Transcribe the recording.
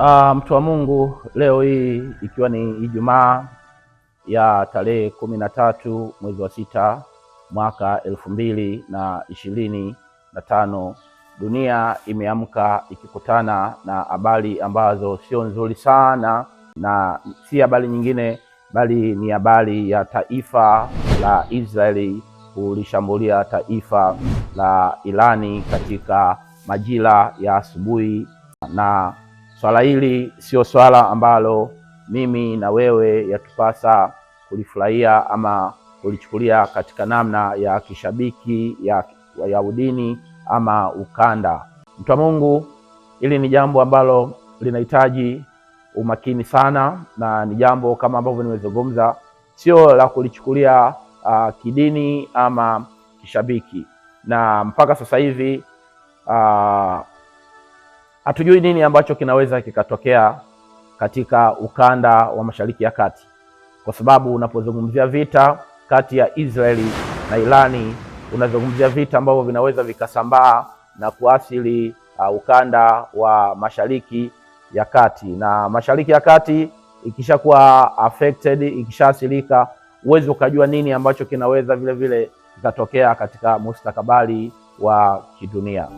Uh, mtu wa Mungu, leo hii ikiwa ni Ijumaa ya tarehe kumi na tatu mwezi wa sita mwaka elfu mbili na ishirini na tano dunia imeamka ikikutana na habari ambazo sio nzuri sana, na si habari nyingine bali ni habari ya taifa la Israeli kulishambulia taifa la Irani katika majira ya asubuhi na Swala hili sio swala ambalo mimi na wewe yatupasa kulifurahia ama kulichukulia katika namna ya kishabiki ya, ya udini ama ukanda. Mtu wa Mungu, hili ni jambo ambalo linahitaji umakini sana, na ni jambo kama ambavyo nimezungumza, sio la kulichukulia uh, kidini ama kishabiki, na mpaka sasa hivi uh, Hatujui nini ambacho kinaweza kikatokea katika ukanda wa Mashariki ya Kati, kwa sababu unapozungumzia vita kati ya Israeli na Irani unazungumzia vita ambavyo vinaweza vikasambaa na kuathiri uh, ukanda wa Mashariki ya Kati, na Mashariki ya Kati ikishakuwa affected, ikishaathirika, huwezi ukajua nini ambacho kinaweza vile vile kikatokea katika mustakabali wa kidunia.